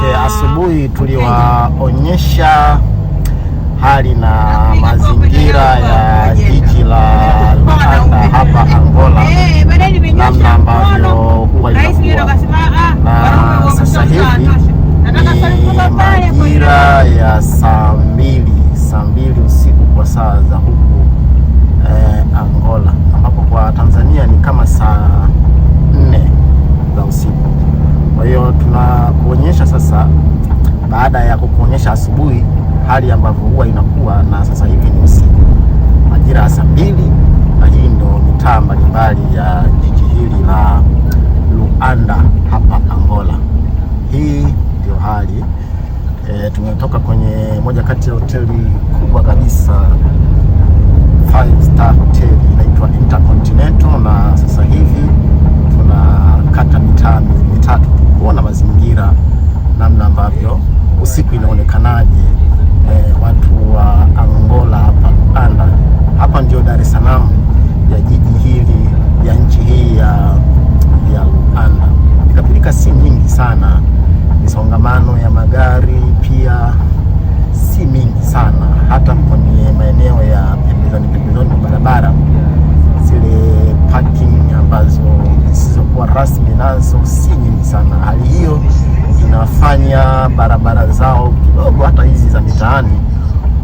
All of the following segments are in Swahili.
Manake asubuhi tuliwaonyesha hali na mazingira ya jiji la Luanda hapa Angola, namna ambavyo huwa inakuwa na sasa hivi ni majira ya saa mbili saa mbili usiku kwa saa za sasa, baada ya kukuonyesha asubuhi hali ambavyo huwa inakuwa, na sasa hivi ni usiku majira ya saa mbili, na hii ndo mitaa mbalimbali ya jiji hili la Luanda hapa Angola. Hii ndio hali e, tumetoka kwenye moja kati ya hoteli kufanya barabara zao kidogo hata hizi za mitaani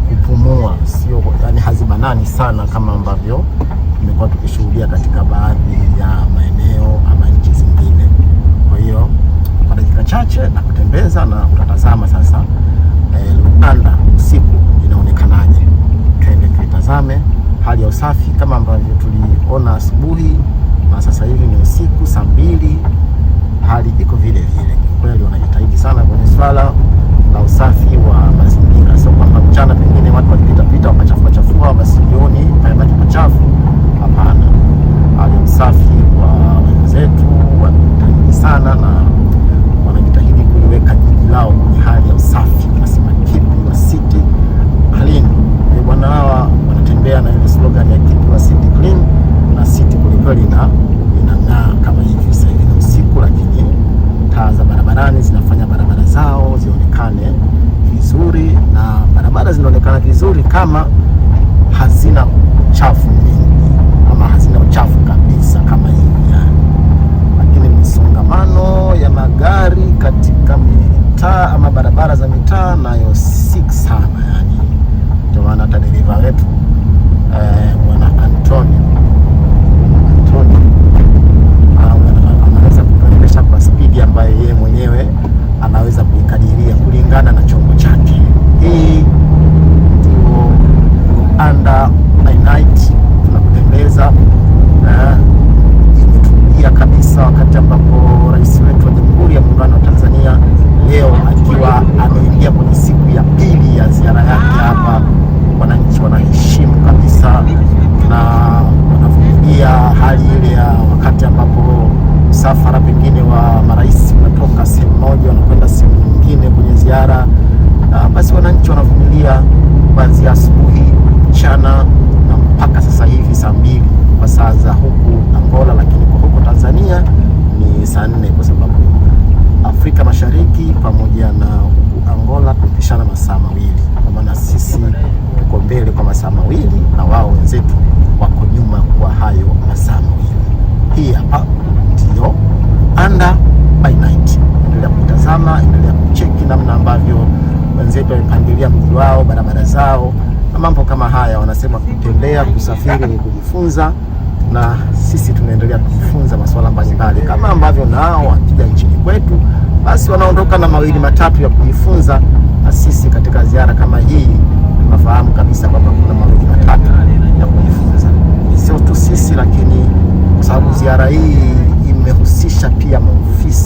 kupumua, sio yani hazibanani sana kama ambavyo tumekuwa tukishuhudia katika baadhi ya maeneo ama nchi zingine. Kwa hiyo kwa dakika chache na kutembeza na utatazama sasa eh, Luganda eh, usiku inaonekanaje. Twende tuitazame hali ya usafi kama ambavyo tuliona asubuhi na sasa hivi ni usiku saa mbili, hali iko vile vile. Hello. kama hazina uchafu. masaa mawili na wao wenzetu wako nyuma kwa hayo masaa mawili. Hii hapa ndio Under by Night. Endelea kutazama, endelea kucheki namna ambavyo wenzetu wamepangilia mji wao, barabara zao na mambo kama haya. Wanasema kutembea, kusafiri ni kujifunza, na sisi tunaendelea kujifunza masuala mbalimbali kama ambavyo nao wakija nchini kwetu, basi wanaondoka na mawili matatu ya kujifunza na sisi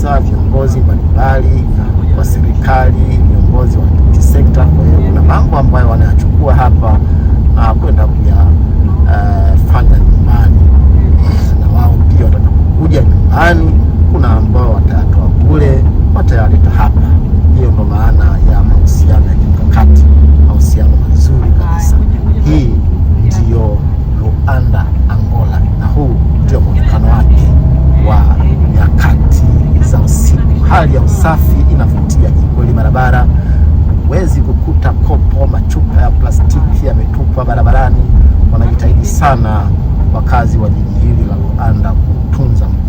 kabisa viongozi mbalimbali wa serikali, viongozi wa kisekta. Kwa hiyo kuna mambo ambayo wanayachukua hapa uh, kwenda kuyafanya eh, uh, nyumbani na wao pia watakapokuja nyumbani, kuna ambao watayatoa kule watayaleta hapa. Hiyo ndo maana hali ya usafi inavutia kweli. Barabara huwezi kukuta kopo, machupa ya plastiki yametupwa barabarani. Wanajitahidi sana wakazi wa jiji hili la Luanda kutunza